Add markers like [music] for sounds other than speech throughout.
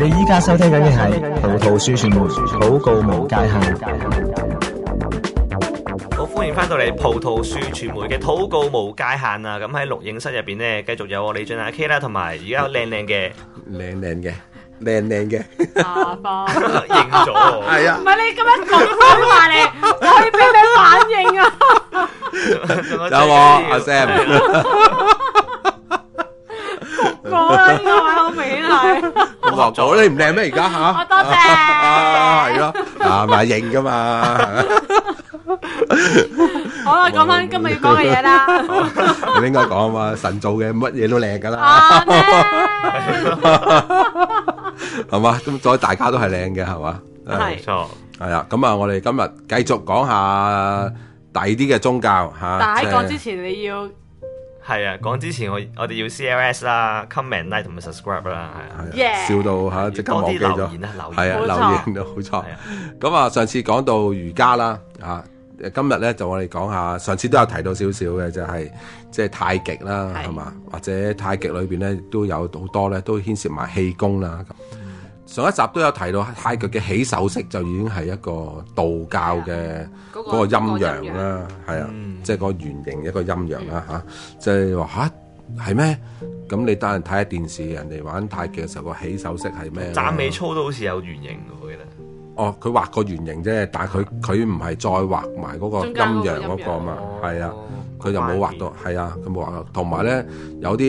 你依家收聽緊嘅係葡萄樹傳媒禱告無界限，好歡迎翻到嚟葡萄樹傳媒嘅禱告無界限啊！咁喺錄影室入邊呢，繼續有我李俊阿 K 啦，同埋而家靚靚嘅靚靚嘅靚靚嘅阿爸，應咗我係啊！唔係你咁樣講句話嚟，我要俾你反應啊！有我阿 Sam。我應該買好美女。我講你唔靚咩？而家吓？我多謝。係咯，嗱，咪型噶嘛。好啦，講翻今日要講嘅嘢啦。你應該講啊嘛，神造嘅乜嘢都靚噶啦。係嘛，咁再大家都係靚嘅，係嘛。係。冇錯。係啦，咁啊，我哋今日繼續講下第二啲嘅宗教吓。但係喺講之前，你要。係啊，講之前我我哋要 C L S 啦、yeah.，comment like 同埋 subscribe 啦，啊、笑到即、啊 yeah. 刻忘記咗。係啊，留言都、啊、好錯。咁啊，啊，上次講到瑜伽啦，啊、今日咧就我哋講下，上次都有提到少少嘅，就係即係太極啦，係嘛，啊，或者太極裏面咧都有好多咧，都牽涉埋氣功啦。上一集都有提到太極嘅起手式就已經係一個道教嘅嗰個陰陽啦，係啊，嗰個嗰個係啊嗯、即係個圓形嘅一個陰陽啦吓，即係話吓，係、啊、咩？咁、就係啊、你等陣睇下電視，人哋玩太極嘅時候、嗯嗰個起手式係咩、啊？站尾操都好似有圓形㗎佢咧。哦、啊，佢畫個圓形啫，但係佢佢唔係再畫埋嗰個陰陽嗰個嘛，係啊。係啊。佢就冇畫到，係啊，佢冇畫到。同埋咧，有啲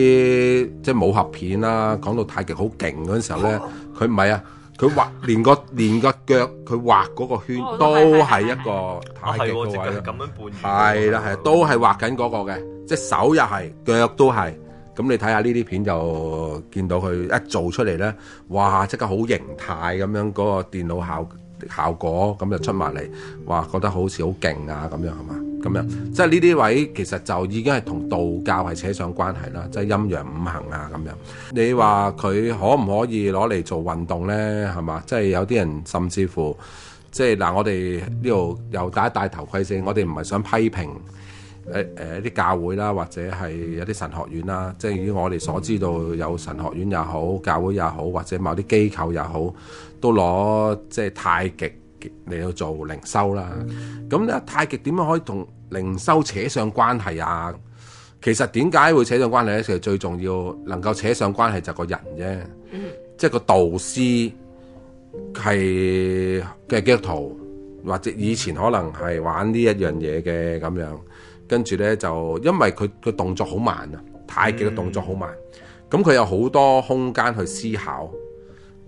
即係武俠片啦、啊，講到太極好勁嗰陣時候咧，佢唔係啊，佢畫連個連個腳佢畫嗰個圈都係一個太極嘅位。係、哦、喎，係咁樣半圓。係啦，係、哦，都係畫緊嗰個嘅、嗯，即係手又係，腳都係。咁你睇下呢啲片就見到佢一做出嚟咧，哇！即刻好形態咁樣，嗰個電腦效效果咁就出埋嚟，哇！覺得好似好勁啊咁樣係嘛？咁樣即係呢啲位其實就已經係同道教係扯上關係啦，即係陰陽五行啊咁樣。你話佢可唔可以攞嚟做運動呢？係嘛，即係有啲人甚至乎，即係嗱，我哋呢度又戴一戴頭盔先。我哋唔係想批評誒一啲教會啦，或者係一啲神學院啦。即係如果我哋所知道，有神學院又好，教會又好，或者某啲機構又好，都攞即係太極。嚟到做靈修啦，咁、嗯、咧太極點樣可以同靈修扯上關係啊？其實點解會扯上關係咧？其實最重要能夠扯上關係就個人啫、嗯，即係個導師係嘅基督徒，或者以前可能係玩呢一樣嘢嘅咁樣，跟住咧就因為佢個動作好慢啊，太極嘅動作好慢，咁、嗯、佢有好多空間去思考。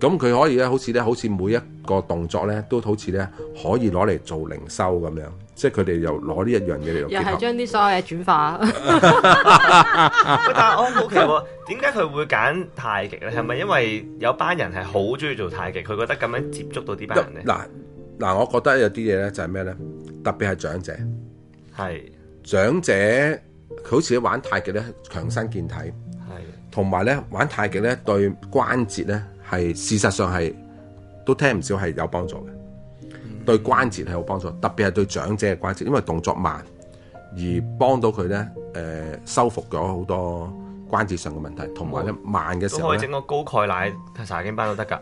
咁佢可以咧，好似咧，好似每一個動作咧，都好似咧，可以攞嚟做靈修咁樣，即係佢哋又攞呢一樣嘢嚟，又係將啲所有嘢轉化。 [laughs] [laughs] 但係我、哦、好奇喎、哦，點解佢會揀太極咧？係、嗯、咪因為有班人係好中意做太極？佢覺得咁樣接觸到啲班人咧？嗱嗱，我覺得有啲嘢咧就係咩咧？特別係長者，係長者佢好似玩太極咧，強身健體，係同埋咧玩太極咧對關節咧。係事實上係都聽唔少是幫，係有幫助嘅，對關節係有幫助，特別係對長者嘅關節，因為動作慢而幫到佢咧，誒、呃，修復咗好多關節上嘅問題，同埋咧慢嘅時候，都可以整個高鈣奶茶經班都得㗎，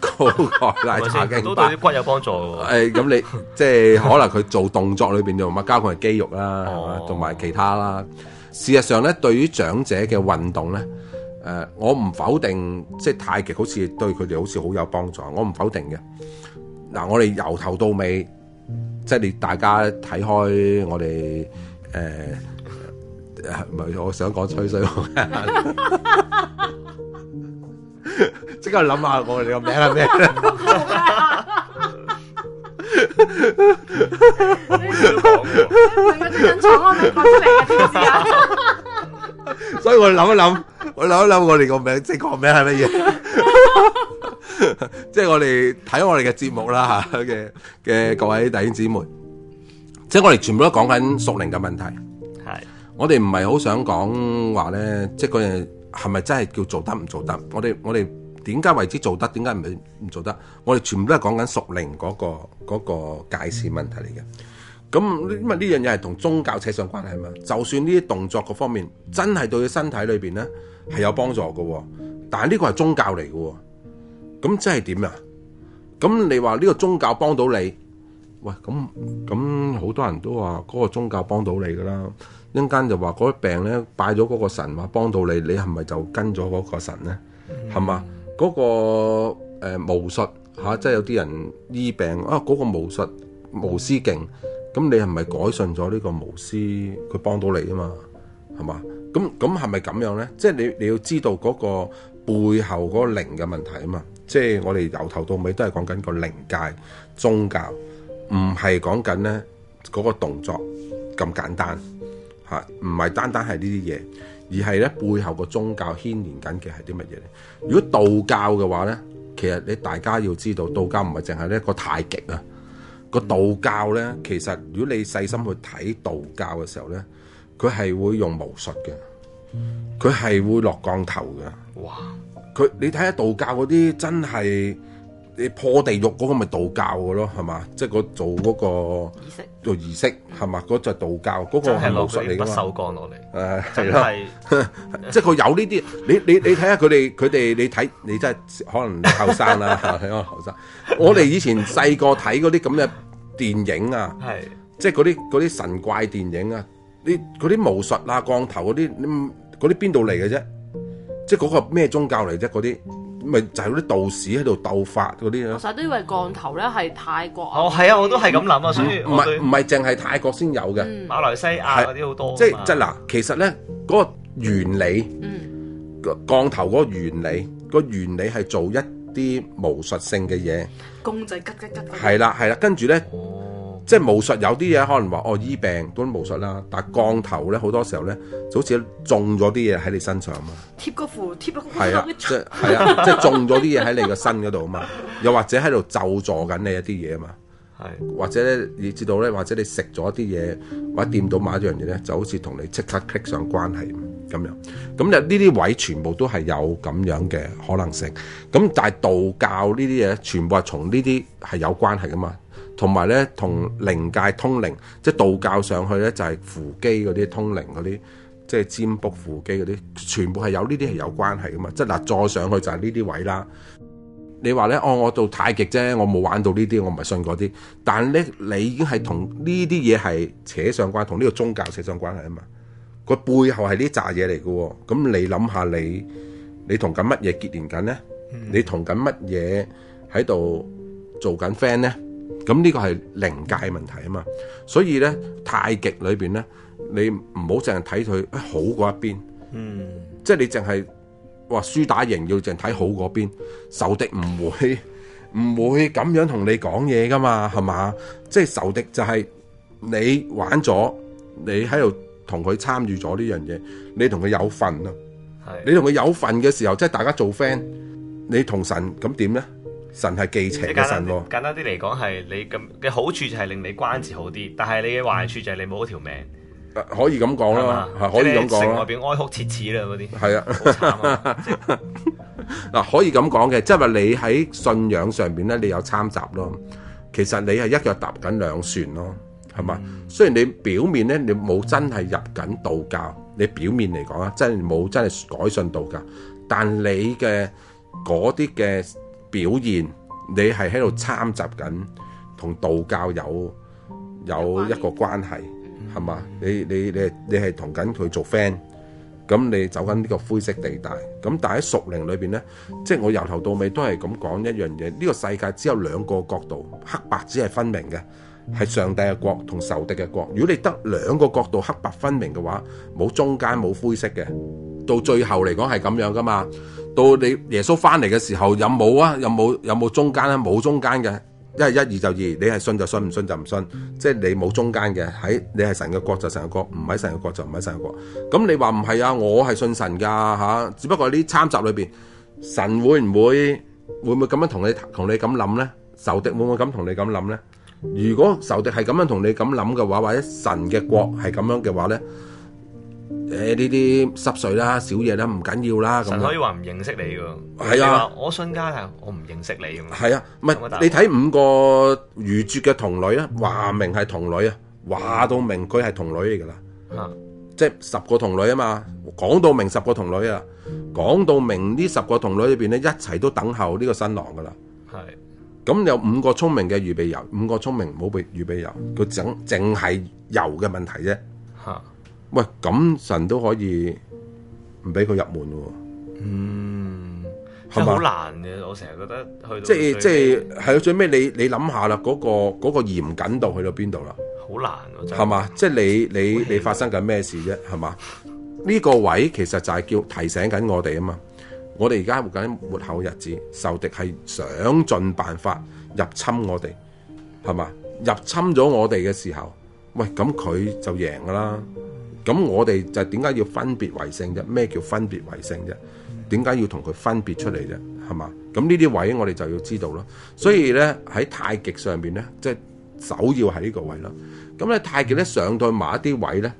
高鈣奶茶經班 [laughs] 都對啲骨有幫助。誒、 [laughs] 哎，咁你即係、就是、可能佢做動作裏邊用乜交佢係肌肉啦，同、哦、埋其他啦。事實上咧，對於長者嘅運動咧。誒，我唔否定，即係太極好似對佢哋好似好有幫助，我唔否定嘅。嗱，我哋由頭到尾，即係你大家睇開我哋誒，唔、呃、係我想講吹水，即 [laughs] [laughs] 刻諗下我哋個名係咩咧？我講， [laughs] [laughs] 我 [laughs] [laughs] 所以我諗一諗，我諗一諗，我哋個名 [laughs] 即係個名係乜嘢？即係我哋睇我哋嘅節目啦，吓嘅嘅各位弟兄姊妹，即係我哋全部都講緊屬靈嘅問題。係，我哋唔係好想講話咧，即係嗰嘢係咪真係叫做得唔做得？ [noise] 我哋我哋點解為之做得？點解唔唔做得？我哋全部都係講緊屬靈嗰、嗰個、嗰個解釋問題嚟嘅。咁因為呢樣嘢係同宗教扯上關係嘛，就算呢啲動作個方面真係對你身體裏面呢係有幫助㗎喎、哦，但呢個係宗教嚟喎、哦。咁即係點呀？咁你話呢個宗教幫到你？喂，咁咁好多人都話嗰個宗教幫到你㗎啦，一陣間就話嗰個病呢，拜咗嗰個神話幫到你，你係咪就跟咗嗰個神呢？係嘛？嗰、嗰個誒巫、呃、術、啊、即係有啲人醫病嗰、啊嗰個巫術巫師勁。咁你係咪改信咗呢個巫師佢幫到你啊嘛？係嘛？咁咁係咪咁樣咧？即係你你要知道嗰個背後嗰個靈嘅問題啊嘛？即係我哋由頭到尾都係講緊個靈界宗教，唔係講緊咧嗰個動作咁簡單吓，唔係單單係呢啲嘢，而係咧背後個宗教牽連緊嘅係啲乜嘢咧？如果道教嘅話咧，其實你大家要知道，道教唔係淨係呢個太極啊。個道教咧、嗯，其實如果你細心去睇道教嘅時候咧，佢係會用巫術嘅，佢係會落降頭嘅。哇！佢你睇下道教嗰啲真係～你破地獄嗰個咪道教嘅咯，係嘛？即、就、係、係嗰個做嗰個做儀式係嘛？嗰就係道教嗰、嗰個係巫術嚟嘅，嘛。降落嚟，係咯。即係佢有呢啲，你你你睇下佢哋佢哋，你睇你， [laughs] 你，你真係可能後生啦嚇，係啊後生。我哋以前細個睇嗰啲咁嘅電影啊，係即係嗰啲啲神怪電影啊，啲嗰啲巫術啊，降頭嗰啲，嗰啲邊度嚟嘅啫？即係嗰個咩宗教嚟啫？嗰啲？咪就係嗰啲道士喺度鬥法嗰啲咯。我成日都以為降頭咧係泰國。哦，係啊，我都係咁諗啊，所以唔係唔係淨係泰國先有嘅，馬來西亞嗰啲好多。即係即係嗱，其實咧嗰個原理，降頭嗰個原理，個原理係做一啲巫術性嘅嘢。公仔吉吉吉。係啦係啦，跟住咧。即係巫術、哦、術，有啲嘢可能話哦醫病都巫術啦，但係降頭咧好多時候咧，就好似中咗啲嘢喺你身上啊嘛，貼個符貼個符，係啊， [laughs] 即係係啊，即、就、係、是、中咗啲嘢喺你個身嗰度啊嘛，又或者喺度就助緊你一啲嘢啊嘛，係或者咧你知道咧，或者你食咗啲嘢或者掂到某一樣嘢咧，就好似同你即刻 click 上關係咁樣，咁呢啲位全部都係有咁樣嘅可能性，咁但係道教這些東西呢啲嘢全部係從呢啲係有關係噶嘛。同埋咧，同靈界通靈，即係道教上去咧，就係扶乩嗰啲通靈嗰啲，即係占卜扶乩嗰啲，全部係有呢啲係有關係噶嘛。即嗱，再上去就係呢啲位啦。你話咧，哦，我做太極啫，我冇玩到呢啲，我唔係信嗰啲。但係咧，你已經係同呢啲嘢係扯上關係，同呢個宗教扯上關係啊嘛。個背後係呢扎嘢嚟嘅喎。咁你諗下，你你同緊乜嘢結連緊咧？你同緊乜嘢喺度做緊 friend 咧？咁呢個係靈界問題啊嘛，所以咧，太極裏邊咧，你唔好淨係睇佢好嗰一邊，嗯，即係你淨係話輸打贏要淨係睇好嗰邊，仇敵唔會唔會咁樣同你講嘢噶嘛，係嘛？即係仇敵就係你玩咗，你喺度同佢參與咗呢樣嘢，你同佢有份啊，係，你同佢有份嘅時候，即係大家做 friend，你同神咁點咧？神係寄邪嘅神喎，啊，簡單啲嚟講，係你咁嘅好處就係令你關節好啲，但係你嘅壞處就係你冇咗條命，啊，可以咁講咯，可以咁講咯。城外邊哀哭切齒啦，嗰啲係啊好慘啊嗱，啊 [laughs] 啊，可以咁講嘅，即係話你喺信仰上邊咧，你有參雜咯。其實你係一腳踏緊兩船咯，係嘛，嗯，雖然你表面咧，你冇真係入緊道教，你表面嚟講啊，真係冇真係改信道教，但你嘅嗰啲嘅。表現你係喺度參雜緊同道教有有一個關係，係嘛？你你你係你係同緊佢做 friend，咁你走緊呢個灰色地帶。咁但係喺熟齡裏邊呢，即係我由頭到尾都係咁講一樣嘢。呢個世界只有兩個角度，黑白只係分明嘅，係上帝嘅國同仇敵嘅國。如果你得兩個角度黑白分明嘅話，冇中間冇灰色嘅，到最後嚟講係咁樣噶嘛。到你耶穌翻嚟嘅時候，有冇啊？有冇有冇中間啊？冇中間嘅，一係一，二就二，你係信就信，唔信就唔信，嗯、即係你冇中間嘅。喺你係神嘅國就神嘅國，唔喺神嘅國就唔喺神嘅國。咁你話唔係啊？我係信神噶嚇、啊，只不過呢參集裏邊，神會唔會會唔會咁樣同你同你咁諗呢？仇敵會唔會咁同你咁諗呢？如果仇敵係咁樣同你咁諗嘅話，或者神嘅國係咁樣嘅話呢？誒、呃，呢啲濕碎啦，小嘢啦，唔緊要啦。神可以話唔認識你噶，係啊，你說我信加啊，我唔認識你啊，係、嗯、啊，唔係你睇五個愚拙嘅童女啊，話明係童女啊，話到明佢係童女嚟噶啦，即係十個童女啊嘛，講到明十個童女啊，講到明呢十個童女裏邊咧，一齊都等候呢個新郎噶啦，係，咁有五個聰明嘅預備油，五個聰明冇備預備油，佢整淨係油嘅問題啫，吓、啊。喂，咁神都可以唔俾佢入門嘅，嗯，係嘛，好難嘅。我成日覺得去到即係即係係最尾你你諗下啦，嗰個嗰個嚴謹度去到邊度啦？好難，係嘛？即係你你你發生緊咩事啫？係嘛？呢 [laughs] 個位其實就係叫提醒緊我哋啊嘛。我哋而家活緊末後日子，仇敵係想盡辦法入侵我哋，係嘛？入侵咗我哋嘅時候，喂，咁佢就贏噶啦。咁我哋就點解要分別為聖啫？咩叫分別為聖啫？點解要同佢分別出嚟啫？係嘛？咁呢啲位我哋就要知道咯。所以咧喺太極上邊咧，即係首要喺呢個位囉。咁咧太極咧上到某一啲位咧，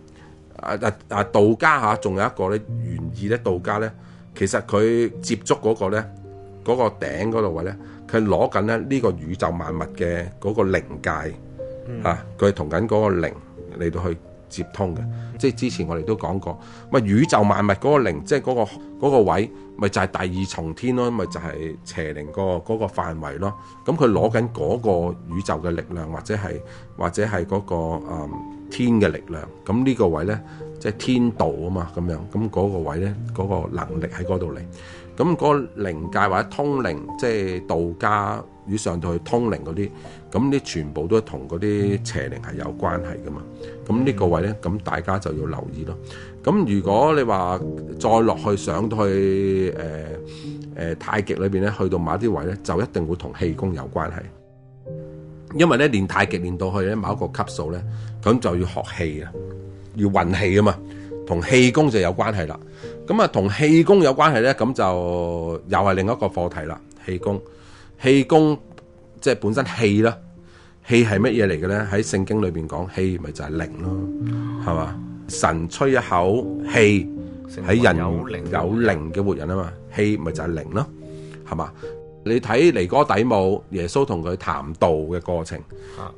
啊啊道家吓、啊，仲有一個咧，原意咧，道家咧，其實佢接觸嗰個咧，嗰、那個頂嗰度位咧，佢攞緊咧呢個宇宙萬物嘅嗰個靈界，吓、嗯，佢係同緊嗰個靈嚟到去。接通嘅，即係之前我哋都講過，咪宇宙萬物嗰個靈，即係嗰個位，咪就係第二重天咯，咪就係邪靈嗰個範圍咯。咁佢攞緊嗰個宇宙嘅力量，或者係或者係嗰個誒天嘅力量。咁呢個位咧，即係天道啊嘛，咁樣，咁嗰個位咧，嗰個能力喺嗰度嚟。咁嗰個靈界或者通靈，即係道家。與上到去通靈嗰啲，咁啲全部都係同嗰啲邪靈係有關係噶嘛？咁呢個位呢，咁大家就要留意咯。咁如果你話再落去上到去誒誒、呃呃、太極裏邊咧，去到某啲位呢，就一定會同氣功有關係。因為呢，練太極練到去咧某一個級數呢，咁就要學氣啊，要運氣啊嘛，同氣功就有關係啦。咁啊，同氣功有關係呢，咁就又係另一個課題啦，氣功。氣功即係本身氣啦，氣係乜嘢嚟嘅咧？喺聖經裏邊講，氣咪就係靈咯，係嘛？神吹一口氣喺人，有靈嘅活人啊嘛，氣咪就係靈咯，係嘛？你睇尼哥底母耶穌同佢談道嘅過程，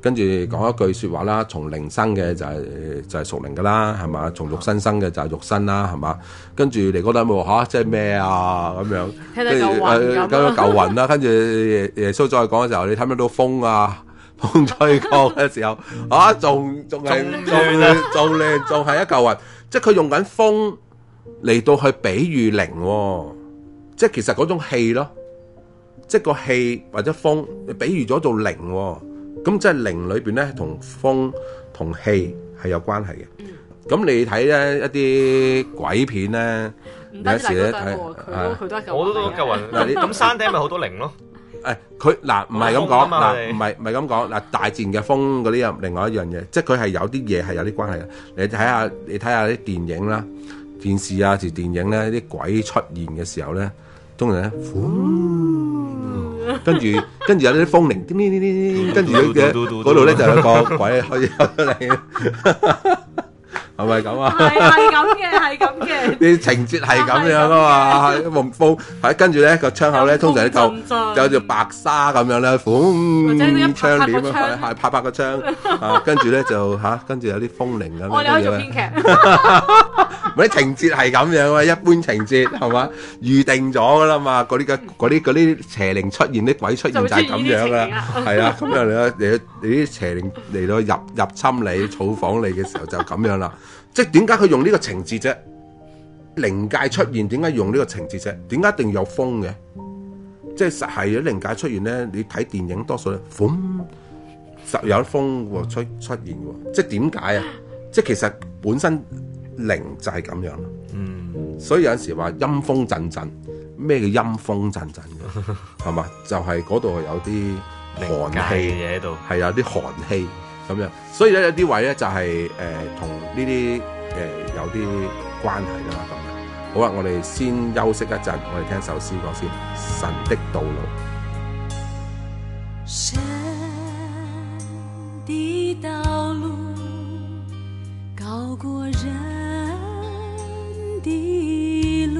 跟住講一句說話啦。從靈生嘅就係就係屬靈噶啦，係嘛？從肉身生嘅就係肉身啦，係嘛？跟住尼哥底母吓，即係咩啊？咁樣跟住就一舊雲啦。跟住耶穌再講嘅時候，你睇唔睇到風啊？風吹過嘅時候啊，仲仲係仲仲靚，仲係一舊雲。即係佢用緊風嚟到去比喻靈喎，即係其實嗰種氣咯。即係個氣或者風，你比喻咗做靈喎、哦，咁即係靈裏邊咧，同風同氣係有關係嘅。咁你睇咧一啲鬼片咧，嗯、你有時咧，佢佢、啊啊、都我都都嚿雲。咁、啊、 [laughs] 山頂咪好多靈咯。誒、哎，佢嗱唔係咁講，嗱唔係唔係咁講，嗱大自然嘅風嗰啲又另外一樣嘢，即係佢係有啲嘢係有啲關係嘅。你睇下你睇下啲電影啦、電視啊，條電影咧、啊、啲鬼出現嘅時候咧。中人咧、嗯，跟住跟住有啲風鈴，叮叮叮叮，跟住有嘅嗰度咧就有個鬼可以入嚟。 [laughs] [laughs] 係咪咁啊？係係咁嘅，係咁嘅。啲情節係咁樣啊嘛，呢呢風跟住咧個窗口咧通常咧就有條白沙咁樣咧，捧窗簾啊，拍拍個窗，跟住咧就吓，跟、啊、住有啲風鈴咁 [laughs] [laughs] 樣嘅。啲情節係咁樣啊，一般情節係嘛預定咗噶啦嘛，嗰啲嘅嗰啲啲邪靈出現、啲鬼出現就係咁樣啊，係啊，咁樣你你啲邪靈嚟到入入侵你草房你嘅時候就咁樣啦。即係點解佢用呢個情節啫？靈界出現點解用呢個情節啫？點解一定要有風嘅？即係實係啊！靈界出現咧，你睇電影多數，咹實有風出出現嘅。即係點解啊？即係其實本身靈就係咁樣嗯。嗯。所以有陣時話陰風陣陣，咩叫陰風陣陣嘅？係 [laughs] 嘛？就係嗰度有啲寒氣喺度，係有啲寒氣。咁所以咧，就係呃呃，有啲位咧就係誒同呢啲誒有啲關係㗎嘛，咁樣。好啊，我哋先休息一陣，我哋聽首詩歌先，《神的道路》。神的道路，高過人的路。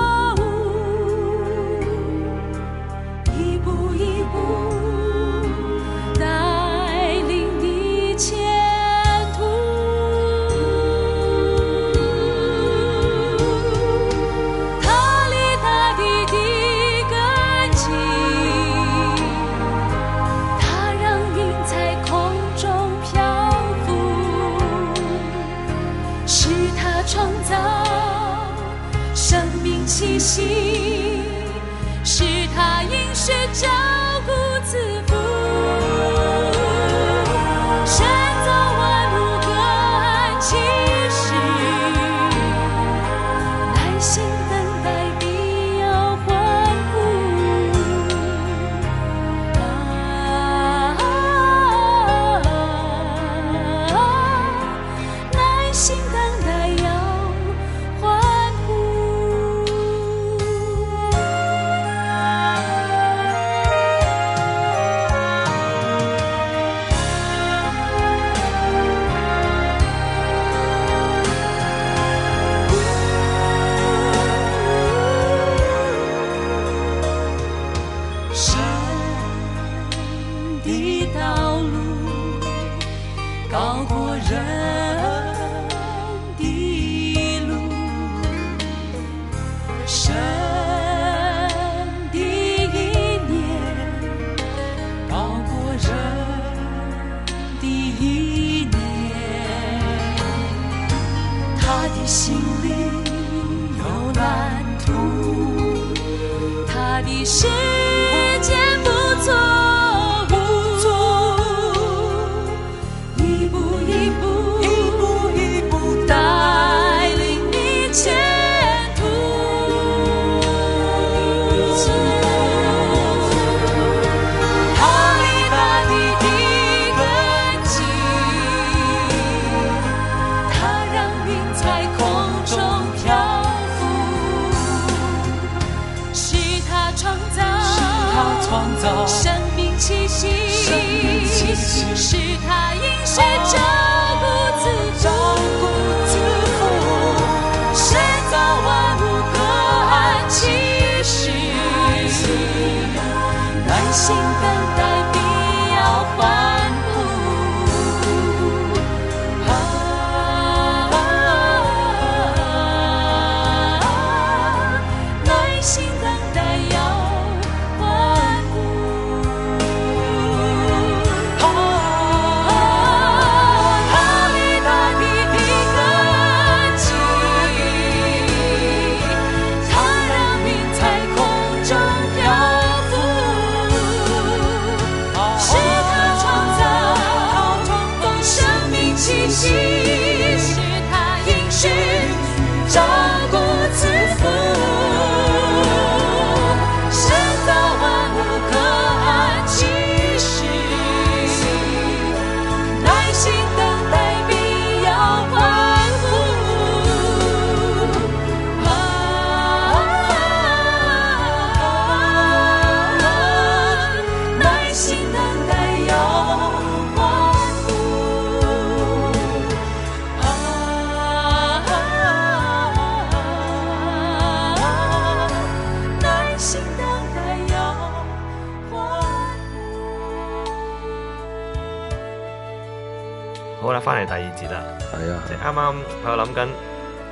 啱啱我諗緊，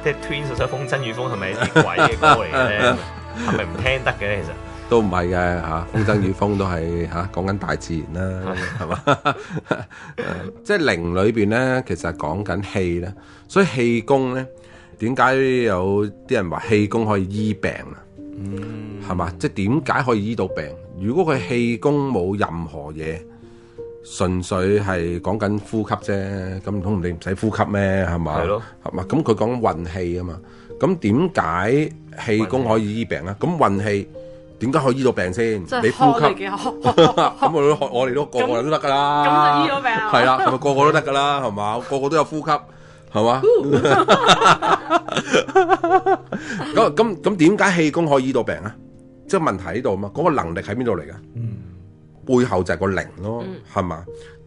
即係 Twins 嗰首《風箏與風》係咪蝕鬼嘅歌嚟咧？係咪唔聽得嘅？其實都唔係嘅吓，《風箏與風》都係吓講緊大自然啦，係嘛？即係靈裏邊咧，其實係講緊氣啦，所以氣功咧，點解有啲人話氣功可以醫病啊？嗯，係嘛？即係點解可以醫到病？如果佢氣功冇任何嘢？純粹係講緊呼吸啫，咁唔通你唔使呼吸咩？係嘛？係咯，係嘛？咁佢講運氣啊嘛，咁點解氣功可以醫病啊？咁運氣點解可以醫到病先，就係？你呼吸，咁我哋 [laughs] 我哋都個個人都得噶啦，咁就醫到病係啦，係咪個個都得噶啦？係嘛，個個都有呼吸，係嘛？咁咁咁點解氣功可以醫到病啊？即 [laughs] 係 [laughs] [laughs] [laughs] 問題喺度啊嘛，嗰、嗰個能力喺邊度嚟㗎？嗯背後就係個靈咯，係嘛？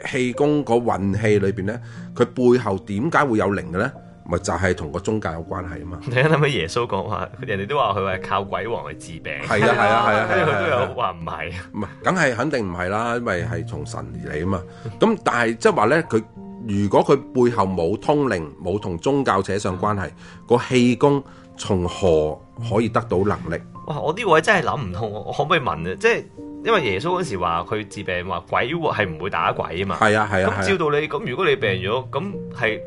氣功個運氣裏邊咧，佢背後點解會有靈嘅咧？咪就係同個宗教有關係啊嘛！你諗下耶穌講話，佢人哋都話佢係靠鬼王去治病，係啊係啊係啊，佢、啊啊啊啊啊啊、都有話唔係，唔係，梗係肯定唔係啦，因為係從神而嚟啊嘛！咁但係即係話咧，佢如果佢背後冇通靈，冇同宗教扯上關係，個氣功從何可以得到能力？哇！我呢位真係諗唔通，我可唔可以問啊？即係因為耶穌嗰時話佢治病話鬼喎，係唔會打鬼啊嘛。係啊係啊。咁、啊啊、照道理，咁如果你病咗，咁係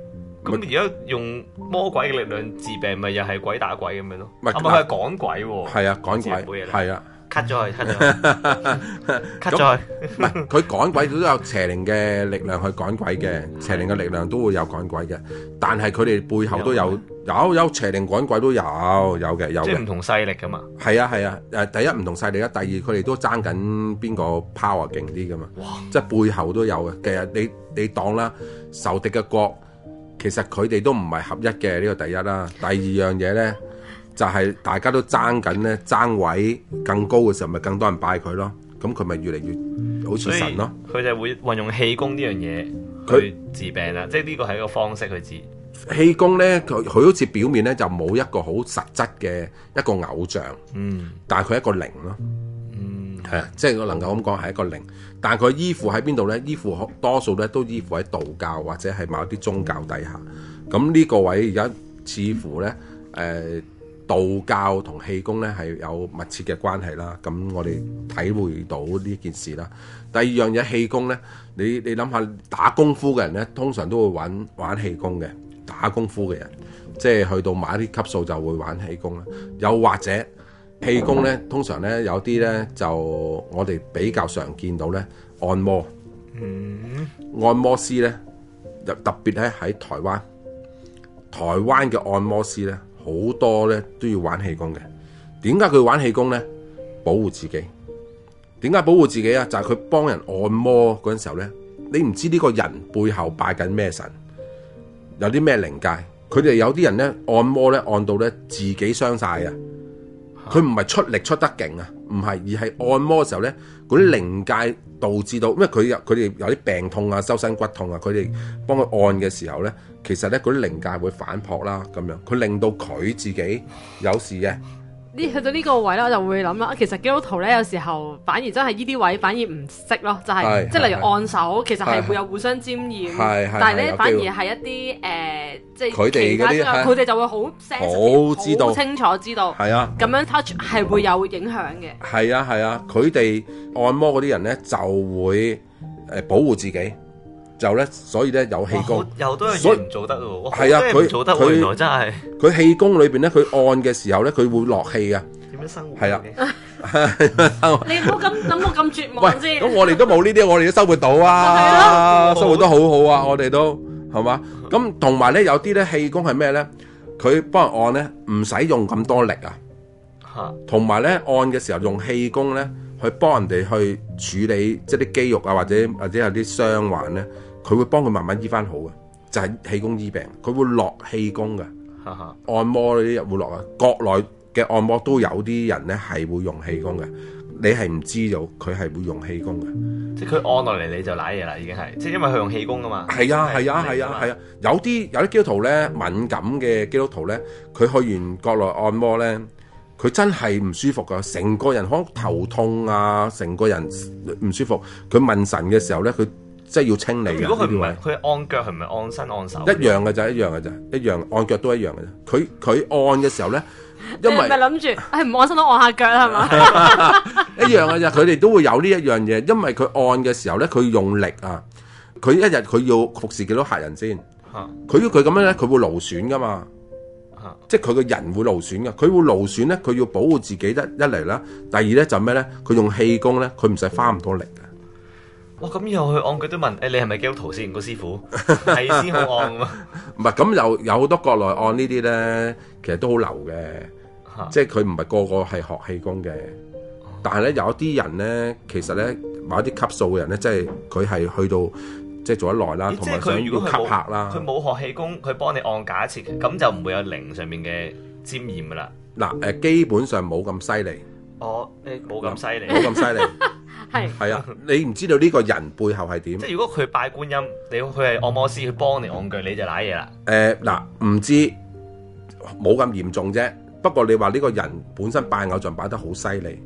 咁而家用魔鬼嘅力量治病，咪又係鬼打鬼咁樣咯？唔咪佢係講鬼喎。係啊，講、啊、鬼。係啊。cut 咗佢，cut 咗佢，唔係佢趕鬼都有邪靈嘅力量去趕鬼嘅，邪靈嘅力量都會有趕鬼嘅，但係佢哋背後都有有有邪靈趕鬼都有有嘅，有即係唔同勢力噶嘛。係啊係啊，誒第一唔同勢力啦，第二佢哋都爭緊邊個 power 勁啲噶嘛。哇！即係背後都有嘅，其實你你當啦，仇敵嘅國其實佢哋都唔係合一嘅，呢個第一啦。第二樣嘢咧。就係、是、大家都爭緊咧，爭位更高嘅時候，咪更多人拜佢咯。咁佢咪越嚟越好似神咯。佢就會運用氣功呢樣嘢去治病啦。即係呢個係一個方式去治氣功咧。佢佢好似表面咧就冇一個好實質嘅一個偶像，嗯，但係佢係一個靈咯，嗯，係啊，即係我能夠咁講係一個靈。但係佢依附喺邊度咧？依附多數咧都依附喺道教或者係某一啲宗教底下。咁呢個位而家似乎咧，誒、嗯。呃道教同氣功咧係有密切嘅關係啦，咁我哋體會到呢件事啦。第二樣嘢氣功咧，你你諗下打功夫嘅人咧，通常都會玩玩氣功嘅。打功夫嘅人，即係去到某啲級數就會玩氣功啦。又或者氣功咧，通常咧有啲咧就我哋比較常見到咧按摩。嗯，按摩師咧特別喺喺台灣，台灣嘅按摩師咧。好多咧都要玩氣功嘅，點解佢玩氣功咧？保護自己，點解保護自己啊？就係、是、佢幫人按摩嗰陣時候咧，你唔知呢個人背後拜緊咩神，有啲咩靈界，佢哋有啲人咧按摩咧按到咧自己傷晒啊！佢唔係出力出得勁啊，唔係而係按摩嘅時候咧，嗰啲靈界導致到，因為佢有佢哋有啲病痛啊、周身骨痛啊，佢哋幫佢按嘅時候咧。其實咧，佢啲靈界會反撲啦，咁樣佢令到佢自己有事嘅。呢去到呢個位咧，我就會諗啦。其實基督徒咧，有時候反而真係呢啲位反而唔識咯，就係即係例如按手，其實係會有互相沾染。是是是是，但係咧，反而係一啲誒，即係其他啲，佢哋、啊、就會好好知道，清楚知道。係啊。咁樣 touch 係會有影響嘅。係啊係啊，佢哋、啊啊、按摩嗰啲人咧就會誒保護自己。就咧，所以咧有氣功，又都唔做得喎。係啊，佢佢氣功裏邊咧，佢按嘅時候咧，佢會落氣啊。點樣生活？係啊，你唔好咁諗，我咁絕望啫。咁我哋都冇呢啲，我哋都生活到啊，生活得好好啊，我哋都係嘛。咁同埋咧，有啲咧氣功係咩咧？佢幫人按咧，唔使用咁多力啊。係。同埋咧，按嘅時候用氣功咧，去幫人哋去。處理即係啲肌肉啊，或者或者有啲傷患咧，佢會幫佢慢慢醫翻好嘅，就係、是、氣功醫病，佢會落氣功嘅，嚇嚇，按摩嗰啲會落啊，國內嘅按摩都有啲人咧係會用氣功嘅，你係唔知道佢係會用氣功嘅，即係佢按落嚟你就舐嘢啦，已經係，即係因為佢用氣功噶嘛，係啊係啊係啊係啊，啊，啊，啊，有啲有啲基督徒咧敏感嘅基督徒咧，佢去完國內按摩咧。佢真係唔舒服噶，成個人可能頭痛啊，成個人唔舒服。佢問神嘅時候咧，佢即係要清理。如果佢唔係佢按腳係咪按身按手的？一樣嘅，就係一樣嘅啫，一樣按腳都一樣嘅啫。佢佢按嘅時候咧，因為咪諗住係唔按身都按下腳係嘛？是 [laughs] 一樣嘅啫，佢哋都會有呢一樣嘢，因為佢按嘅時候咧，佢用力啊，佢一日佢要服侍幾多客人先？佢佢咁樣咧，佢會勞損噶嘛。即係佢個人會勞損嘅，佢會勞損咧，佢要保護自己一一嚟啦，第二咧就咩、是、咧？佢用氣功咧，佢唔使花咁多力嘅。哇、哦！咁又去按佢都問，誒、哎、你係咪基督徒先？個師傅係先去按喎。唔係咁有有好多國內按呢啲咧，其實都好流嘅， [laughs] 即係佢唔係個個係學氣功嘅，但係咧有一啲人咧，其實咧某一啲級數嘅人咧，即係佢係去到。即係做得耐啦，同埋想面要吸客啦。佢冇學氣功，佢幫你按假設，咁就唔會有靈上面嘅沾染㗎喇。嗱，基本上冇咁犀利。哦，誒冇咁犀利，冇咁犀利。係係啊， [laughs] 是的 [laughs] 你唔知道呢個人背後係點？即係如果佢拜觀音，你佢係按摩師，佢幫你按腳，你就賴嘢啦。誒、呃、嗱，唔知冇咁嚴重啫。不過你話呢個人本身拜偶像擺得好犀利，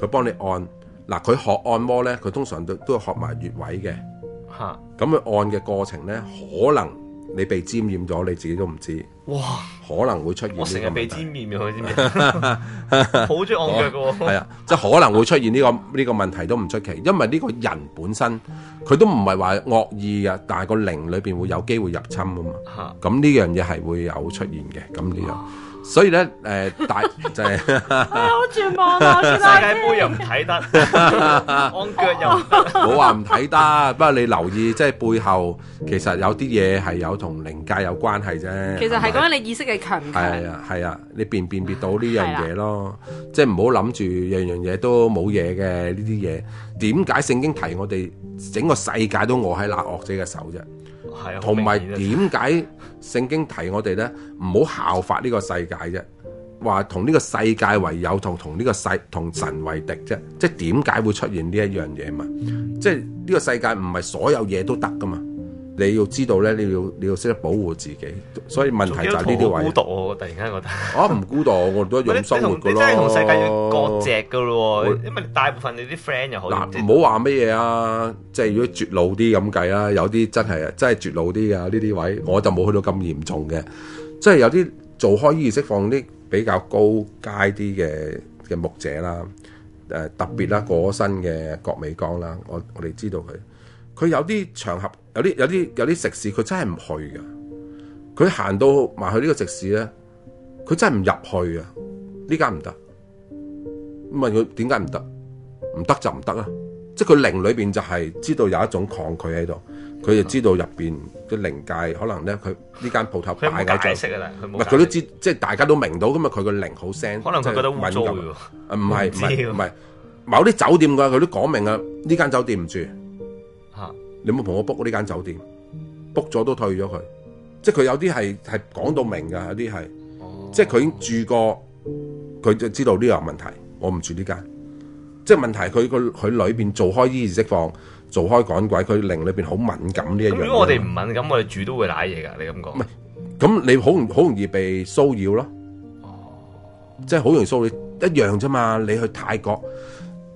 佢幫你按，嗱佢學按摩咧，佢通常都都要學埋穴位嘅。咁佢按嘅過程咧，可能你被沾染咗，你自己都唔知。哇！可能會出現個問題。我成日被沾染㗎，染 [laughs] [laughs] [laughs] 好中意按腳嘅喎、哦。係啊，即、啊就是、可能會出現呢、這個呢、這個問題都唔出奇，因為呢個人本身佢都唔係話惡意啊，但係個靈裏邊會有機會入侵啊嘛。咁呢樣嘢係會有出現嘅。咁呢樣所以咧，誒大就係，我絕望啊！世界盃又唔睇得，按腳又，冇話唔睇得。不過你留意，即係背後其實有啲嘢係有同靈界有關係啫。其實係講緊你意識係強唔強？係啊係啊，你辨辨別到呢樣嘢咯。即係唔好諗住樣樣嘢都冇嘢嘅呢啲嘢。點解聖經提我哋整個世界都臥喺那惡者嘅手啫？係啊，同埋點解？聖經提我哋咧，唔好效法呢個世界啫，話同呢個世界為友，同同呢個世同神為敵啫。即係點解會出現呢一樣嘢嘛？即係呢個世界唔係所有嘢都得噶嘛？你要知道咧，你要你要識得保護自己，所以問題就係呢啲位。從有孤獨我突然間覺得。我 [laughs] 唔、啊、孤獨，我都用生活噶咯。你，跟你真係同世界割席噶咯喎，因為大部分你啲 friend 又好以。唔好話乜嘢啊，即係如果絕路啲咁計啦，有啲真係真係絕路啲啊呢啲位，我就冇去到咁嚴重嘅。即係有啲做開意識放啲比較高階啲嘅嘅牧者啦、呃，特別啦，過身嘅郭美江啦，我我哋知道佢。佢有啲場合，有啲有啲有啲食肆，佢真係唔去㗎。佢行到埋去呢個食肆咧，佢真係唔入去啊！呢間唔得，問佢點解唔得？唔得就唔得啦。即係佢靈裏面就係知道有一種抗拒喺度，佢就知道入面嘅靈界可能咧，佢呢間鋪頭擺嗰種，唔係佢都知，即係大家都明到咁啊。佢個靈好聲，可能佢覺得污穢。唔係唔係唔係，某啲酒店嘅佢都講明啊，呢間酒店唔住。你冇同我 book 呢間酒店，book 咗都退咗佢，即係佢有啲係係講到明嘅。有啲係，即係佢已經住過，佢就知道呢樣問題，我唔住呢間。即係問題佢佢佢裏邊做開醫治釋放，做開趕鬼，佢令裏邊好敏感呢樣嘢。如果我哋唔敏感，我哋住都會賴嘢噶，你咁講？唔係，咁你好容，好容易被騷擾咯，即係好容易騷擾，一樣啫嘛。你去泰國，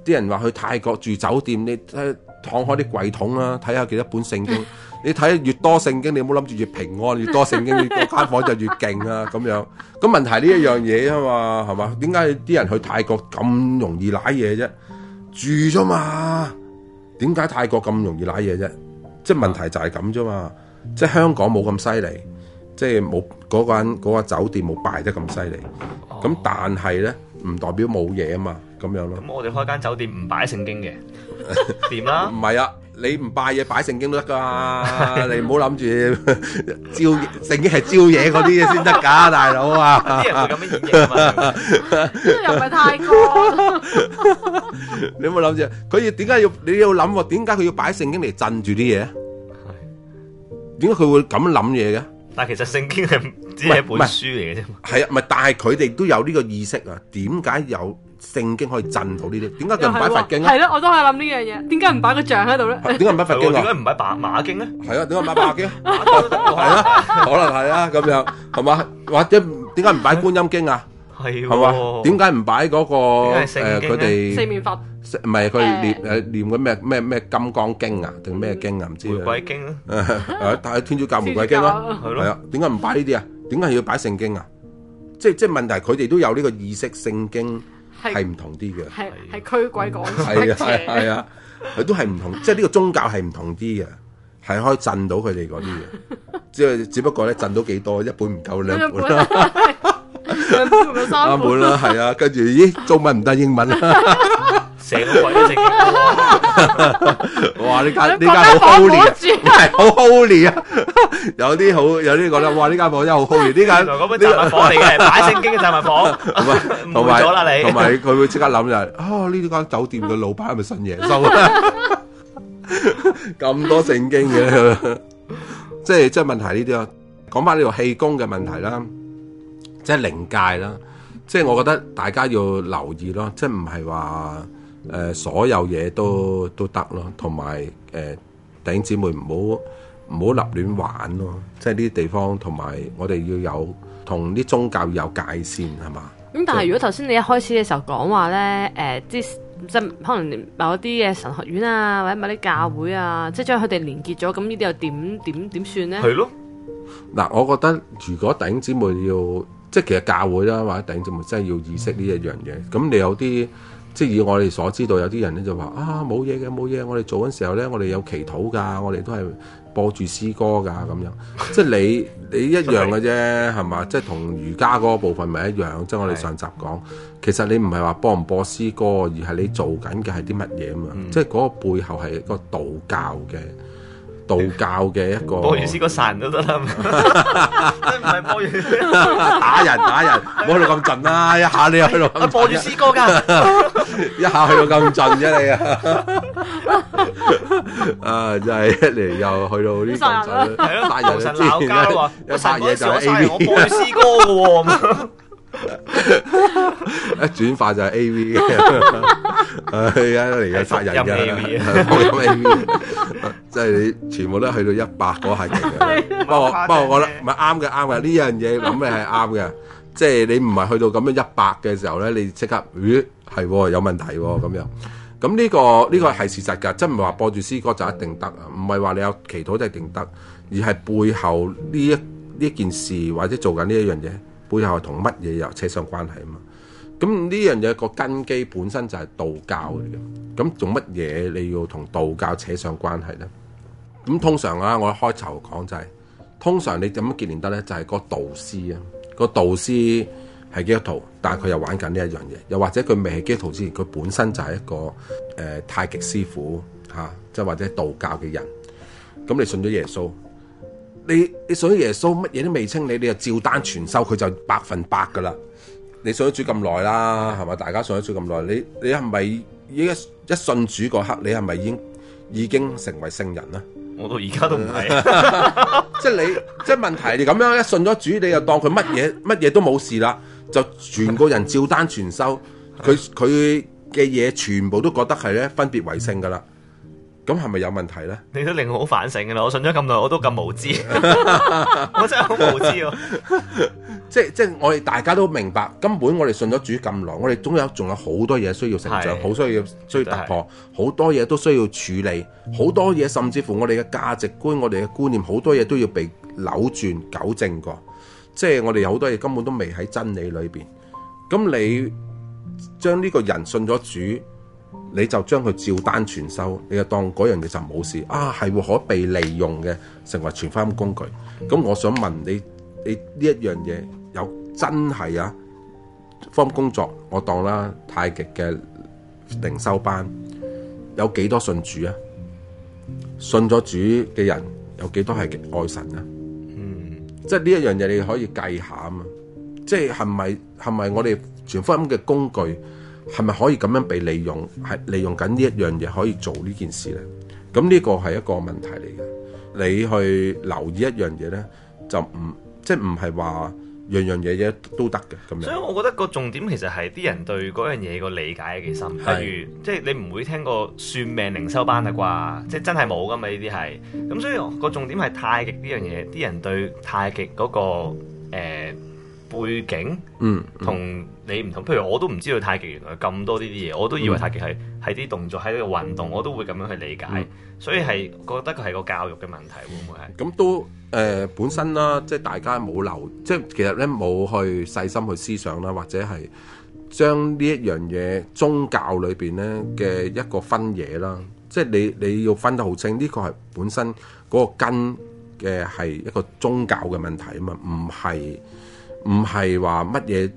啲人話去泰國住酒店，你睇。攤開啲櫃桶啊，睇下幾多本聖經。你睇越多聖經，你唔好諗住越平安。越多聖經，越多間房就越勁啊咁樣。咁問題呢一樣嘢啫嘛，係嘛？點解啲人去泰國咁容易攋嘢啫？住啫嘛？點解泰國咁容易攋嘢啫？即係問題就係咁啫嘛。即係香港冇咁犀利，即係冇嗰間酒店冇敗得咁犀利。咁但係咧，唔代表冇嘢啊嘛。咁樣咯，咁我哋開間酒店唔擺聖經嘅，點 [laughs] 啊？唔係啊，你唔拜嘢擺聖經都得噶，你唔好諗住招聖經係招嘢嗰啲嘢先得噶，大佬啊！啲人 [laughs] 會咁樣演繹啊嘛？又唔係太過？你有冇諗住佢要點解要你要諗？點解佢要擺聖經嚟鎮住啲嘢？點解佢會咁諗嘢嘅？但係其實聖經係只係一本書嚟嘅啫嘛。係啊，唔係但係佢哋都有呢個意識啊？點解有？聖經可以震到呢啲，點解佢唔擺佛經？係咯，我都係諗呢樣嘢，點解唔擺個像喺度咧？點解唔擺佛經啊？點解唔擺馬馬經咧？係啊，點解唔擺馬經？係啦，可能係啊，咁樣係嘛？或者點解唔擺觀音經啊？係係嘛？點解唔擺嗰個誒？佢哋四面佛，唔係佢念誒念嗰咩咩咩金剛經啊？定咩經啊？唔知玫瑰經咯，但係天主教玫瑰經咯，係咯，係啊？點解唔擺呢啲啊？點解要擺聖經啊？即係即係問題，佢哋都有呢個意識，聖經。係唔同啲嘅，係驅鬼降煞嘅，係 [laughs] 啊，佢、啊啊、都係唔同， [laughs] 即係呢個宗教係唔同啲嘅，係可以震到佢哋嗰啲嘅，只 [laughs] 只不過咧震到幾多，一本唔夠兩本啦。啱本啦，係啊，跟住咦，中文唔得，英文啦，成個鬼都，哇！呢間呢間好 Holy，係好 Holy 啊！有啲好，有啲覺得哇！呢間房真係好 Holy，呢間呢間房嚟嘅擺聖經嘅雜物房，唔係唔係咗啦你，同埋佢會即刻諗就係啊！呢間酒店嘅老闆係咪信耶穌？咁多聖經嘅，即係即係問題呢啲啊！講翻呢個氣功嘅問題啦。即係靈界啦，即係我覺得大家要留意咯，即係唔係話誒所有嘢都都得咯，同埋誒弟兄姊妹唔好唔好立亂玩咯，即係呢啲地方，同埋我哋要有同啲宗教要有界線，係嘛？咁、嗯、但係如果頭、就、先、是、你一開始嘅時候講話咧，誒、呃，即係可能某啲嘅神學院啊，或者某啲教會啊，即係將佢哋連結咗，咁呢啲又點點點算咧？係咯，嗱，我覺得如果弟兄姊妹要。即係其實教會啦，或者頂住咪真係要意識呢一樣嘢。咁你有啲，即係以我哋所知道有啲人咧就話啊，冇嘢嘅冇嘢，我哋做緊時候咧，我哋有祈禱㗎，我哋都係播住詩歌㗎咁樣。即係你你一樣嘅啫，係 [laughs] 嘛？即係同瑜伽嗰部分咪一樣？ [laughs] 即係我哋上集講，其實你唔係話播唔播詩歌，而係你做緊嘅係啲乜嘢啊嘛？ [laughs] 即係嗰個背後係一個道教嘅。道教嘅一個，播完詩歌殺人都得啦，唔係播打人打人，唔好去到咁盡啦，一下你又去到咁、啊，播完詩歌噶， [laughs] 一下去到咁盡啫你啊， [laughs] [laughs] 啊真係、就係、一嚟又去到啲，係啊，神神鬧交有殺嘢就 A，我播完詩歌噶喎。 [laughs] [laughs] 一轉發就係 A V 嘅，係啊嚟嘅殺人嘅，播 A V，即係你全部都去到一百個嘅。不過我覺得，不過我唔咪啱嘅啱嘅呢樣嘢諗嘅係啱嘅，即係、這個就是、你唔係去到咁樣一百嘅時候咧，你即刻，咦係有問題咁樣。咁呢、這個呢、這個係事實噶，真唔係話播住詩歌就一定得，唔係話你有祈禱就一定得，而係背後呢一呢一件事或者做緊呢一樣嘢。背後係同乜嘢，又扯上關係啊嘛？咁呢樣嘢個根基本身就係道教嚟嘅，咁做乜嘢你要同道教扯上關係咧？咁通常啊，我一開頭講就係、是、通常你點樣結連得咧？就係、是、個導師啊，個導師係基督徒，但係佢又玩緊呢一樣嘢，又或者佢未係基督徒之前，佢本身就係一個誒、呃、太極師傅吓，即、啊、係或者道教嘅人，咁你信咗耶穌。你你信咗耶穌乜嘢都未清理，你就照單全收，佢就百分百噶啦。你信咗主咁耐啦，係嘛？大家信咗主咁耐，你你係咪一一信主嗰刻，你係咪已經已經成為聖人啦？我到而家都唔係， [laughs] [laughs] [laughs] 即係你即係問題你，你咁樣一信咗主，你就當佢乜嘢乜嘢都冇事啦，就全個人照單全收，佢佢嘅嘢全部都覺得係咧分別為聖噶啦。咁係咪有問題呢？你都令我好反省㗎喇！我信咗咁耐，我都咁無知， [laughs] [laughs] 我真係好無知哦、啊 [laughs] 就是！即係即係，我哋大家都明白，根本我哋信咗主咁耐，我哋總有仲有好多嘢需要成長，好需要需要突破，好多嘢都需要處理，好、嗯、多嘢甚至乎我哋嘅價值觀、我哋嘅觀念，好多嘢都要被扭轉、糾正過。即、就、係、是、我哋有好多嘢根本都未喺真理裏邊。咁你將呢個人信咗主？你就將佢照單全收，你就當嗰樣嘢就冇事啊？係會可被利用嘅，成為傳福音工具。咁我想問你，你呢一樣嘢有真係啊？福音工作我當啦，太極嘅靈修班有幾多信主啊？信咗主嘅人有幾多係愛神啊？嗯，即係呢一樣嘢你可以計下啊嘛，即係係咪係咪我哋傳福音嘅工具？係咪可以咁樣被利用？係利用緊呢一樣嘢，可以做呢件事咧？咁呢個係一個問題嚟嘅。你去留意一樣嘢咧，就唔即係唔係話樣樣嘢嘢都得嘅咁樣。所以我覺得個重點其實係啲人對嗰樣嘢個理解係幾深。譬如，即係你唔會聽過算命靈修班啊啩？即係真係冇噶嘛？呢啲係咁，所以個重點係太極呢樣嘢。啲人對太極嗰，那個誒。呃背景嗯，同你唔同。譬如我都唔知道太極原來咁多呢啲嘢，我都以為太極係係啲動作，喺呢度運動，我都會咁樣去理解。所以係覺得佢係個教育嘅問題，會唔會係咁都誒？本身啦，即係大家冇留，即係其實咧冇去細心去思想啦，或者係將呢一樣嘢宗教裏邊咧嘅一個分野啦，即係你你要分得好清呢個係本身嗰個根嘅係一個宗教嘅問題啊嘛，唔係。唔係話乜嘢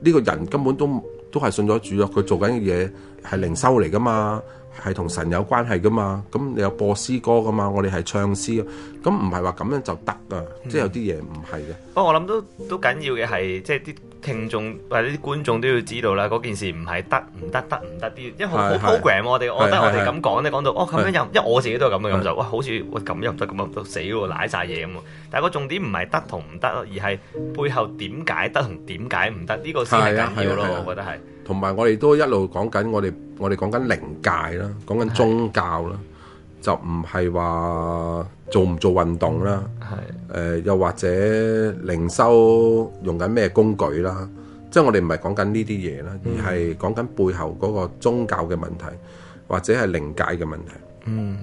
呢個人根本都都係信咗主啊！佢做緊嘅嘢係靈修嚟㗎嘛，係同神有關係㗎嘛。咁你有播詩歌㗎嘛？我哋係唱詩，咁唔係話咁樣就得啊，嗯！即係有啲嘢唔係嘅。不過我諗都都緊要嘅係即係啲。就是聽眾或者啲觀眾都要知道啦，嗰件事唔係得唔得，得唔得啲，因為好 program 我哋，我覺得我哋咁講咧，講到哦咁樣又，是是因為我自己都係咁嘅感受，是是哇好似哇咁又得咁又都死喎，賴曬嘢咁啊！但係個重點唔係得同唔得咯，而係背後點解得同點解唔得，呢個先係緊要咯，是是是是是我覺得係。同埋我哋都一路講緊我哋，我哋講緊靈界啦，講緊宗教啦。是是就唔係話做唔做運動啦，係誒、呃、又或者靈修用緊咩工具啦，即係我哋唔係講緊呢啲嘢啦，而係講緊背後嗰個宗教嘅問題，或者係靈界嘅問題，嗯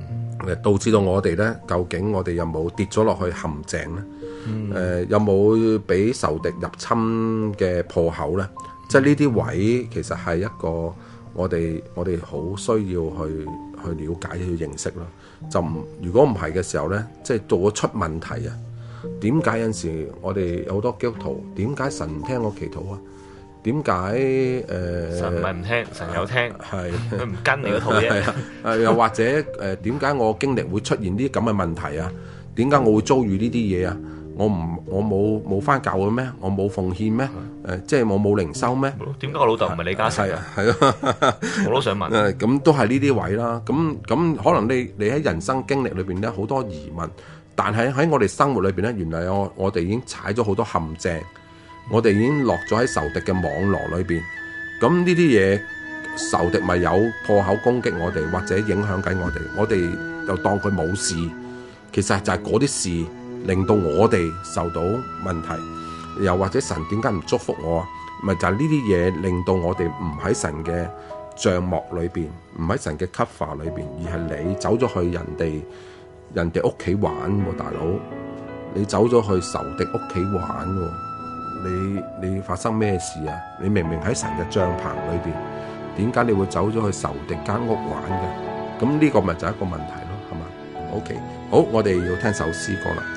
誒導致到我哋咧，究竟我哋有冇跌咗落去陷阱咧？誒、嗯呃、有冇俾仇敵入侵嘅破口咧，嗯？即係呢啲位其實係一個我哋我哋好需要去。去了解去認識，咯，就唔如果唔係嘅時候咧，即係做咗出問題啊！點解有陣時我哋有好多基督徒，點解神唔聽我祈禱啊？點解誒？神唔係唔聽，神有聽，佢、啊、唔跟你嗰套嘢。係 [laughs] 啊，啊，啊，又或者誒，點、呃、解我經歷會出現啲咁嘅問題啊？點 [laughs] 解我會遭遇呢啲嘢啊？我唔，我冇冇返教會咩？我冇奉獻咩？即係我冇靈修咩？點、嗯、解我老豆唔係李嘉誠啊？係咯，我都想問。咁都係呢啲位啦。咁咁可能你你喺人生經歷裏面咧，好多疑問，但係喺我哋生活裏面咧，原來我我哋已經踩咗好多陷阱，我哋已經落咗喺仇敵嘅網絡裏面。咁呢啲嘢仇敵咪有破口攻擊我哋，或者影響緊我哋。我哋就當佢冇事，其實就係嗰啲事。令到我哋受到問題，又或者神點解唔祝福我啊？咪就係呢啲嘢令到我哋唔喺神嘅帳幕裏面，唔喺神嘅 cover 裏面，而係你走咗去人哋人哋屋企玩喎，大佬，你走咗去仇敵屋企玩喎，你你發生咩事啊？你明明喺神嘅帳棚裏面，點解你會走咗去仇敵間屋玩嘅？咁呢個咪就係一個問題咯，係嘛？OK，好，我哋要聽首詩歌啦。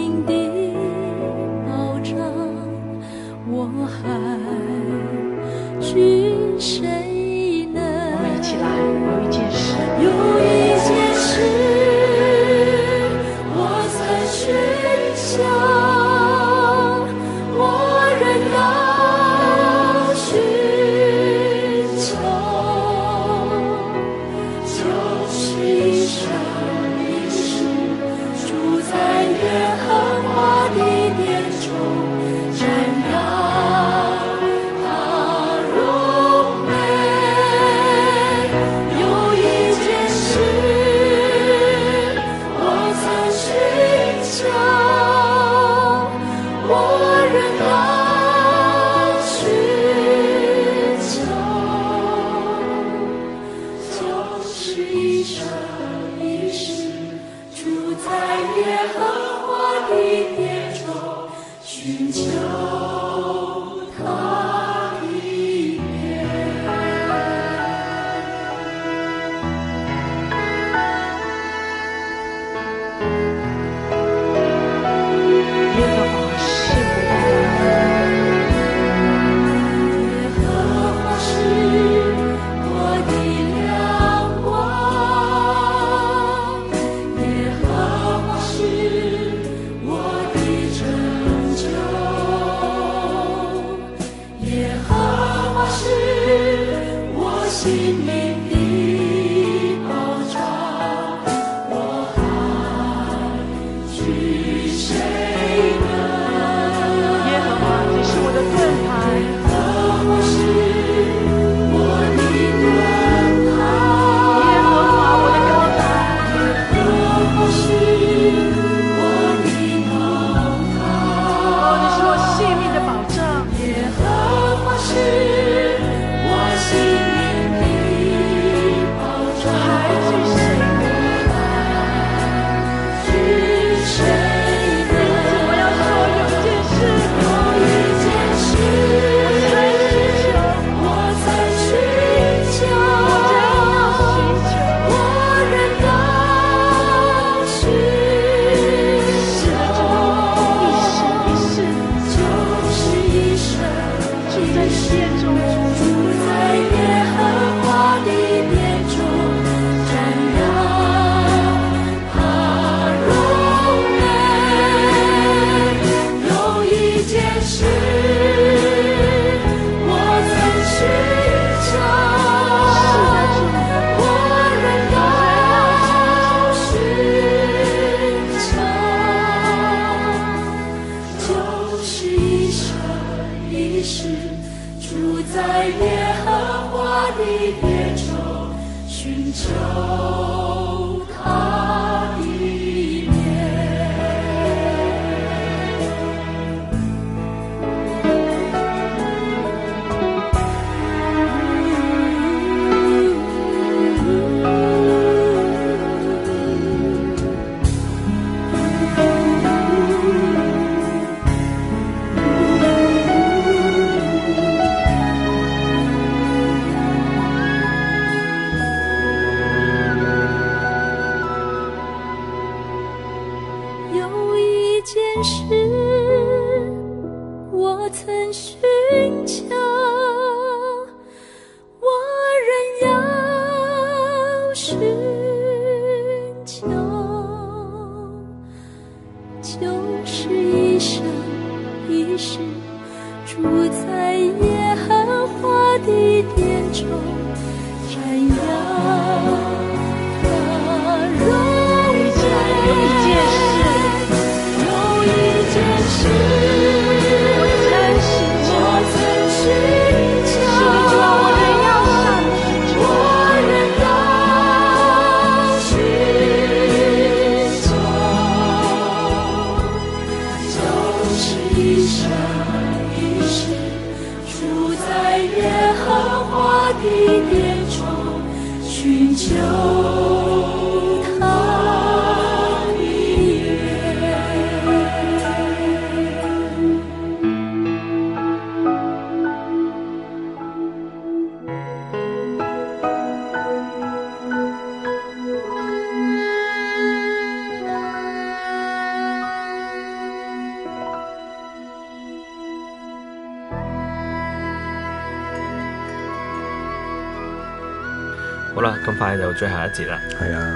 最後一節啦，係啊，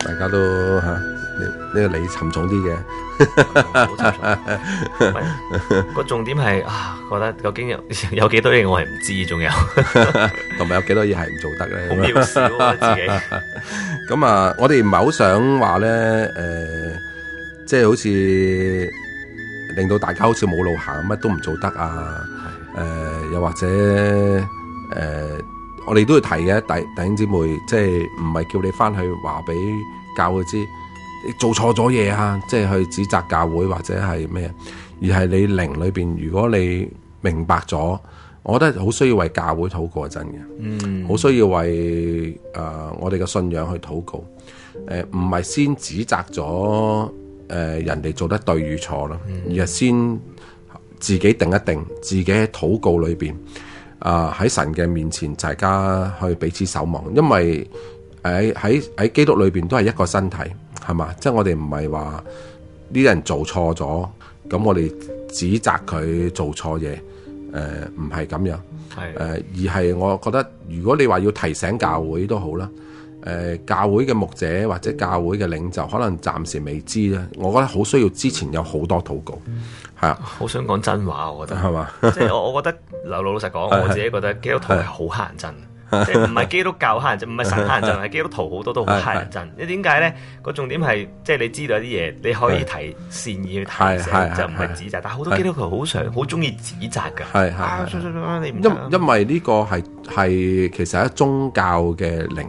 大家都吓呢個你，你，你尋重一 [laughs] 沉重啲嘅，個重點係啊，覺得究竟有有幾多嘢我係唔知，仲有，同 [laughs] 埋有幾多嘢係唔做得咧，咁啊， [laughs] 啊，我哋唔係好想話咧，誒，即係好似令到大家好似冇路行，乜都唔做得啊，誒，又、呃、或者誒。呃我哋都要提嘅，弟弟兄姊妹，即係唔係叫你翻去話俾教會知你做錯咗嘢啊，即係去指責教會或者係咩，而係你靈裏邊，如果你明白咗，我覺得好需要為教會禱告真嘅，嗯，好需要為誒、呃、我哋嘅信仰去禱告，誒唔係先指責咗誒、呃、人哋做得對與錯咯，嗯、而係先自己定一定，自己喺禱告裏邊。啊！喺神嘅面前，大家去彼此守望，因為喺喺喺基督裏邊都係一個身體，係嘛？即係我哋唔係話呢啲人做錯咗，咁我哋指責佢做錯嘢，誒唔係咁樣，係誒、呃、而係我覺得，如果你話要提醒教會都好啦。誒教會嘅牧者或者教會嘅領袖，可能暫時未知咧。我覺得好需要之前有好多禱告，係、嗯、啊，好想講真話，我覺得係嘛，即係我我覺得嗱老老實講，是是我自己覺得基督徒係好乞人憎，即係唔係基督教乞人憎，唔係神乞人憎，係基督徒好多都好乞人憎。你點解咧？個重點係即係你知道一啲嘢，你可以提善意去提醒，是是是是是就唔係指責。是是是是但係好多基督徒好想好中意指責㗎，係係、啊啊、因因為呢個係係其實係宗教嘅靈。